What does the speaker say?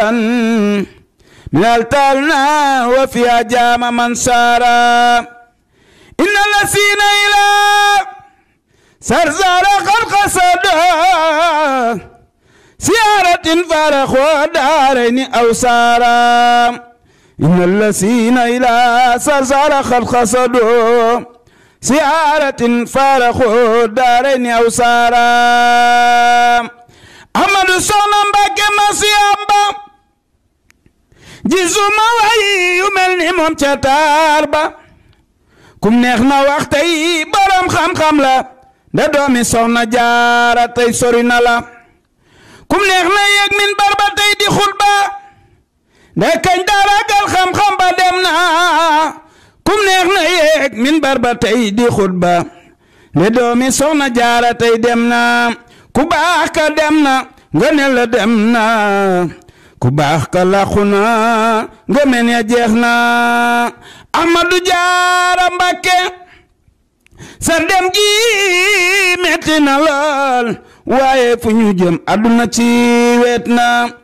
رأسا من التالنا وفيها جام من سارا إن الذين إلى سرزار خلق صدا سيارة فارخوا دارين أو سارا إن الذين إلى سرزار خلق صدا سيارة فارخوا دارين أو سارا أحمد صلى الله عليه وسلم gisuma way yu mel ni moom ca taar ba kum neex na wax tey borom xam-xam la da doomi soxna jaara tey sori na la kum neex na yëg min ba tey di xutba nda kañ daragal xam-xam ba dem na kum neex na yëg min barba tey di xutba nda doomi soxna jaara tey dem na ku baax ka dem na nga ne la dem na ku baax ka làqu na ngëmeen ya jeex na Ahmadou Diarra Mbacké sa dem gi metti na lool waaye fu ñu jëm àdduna ci weet na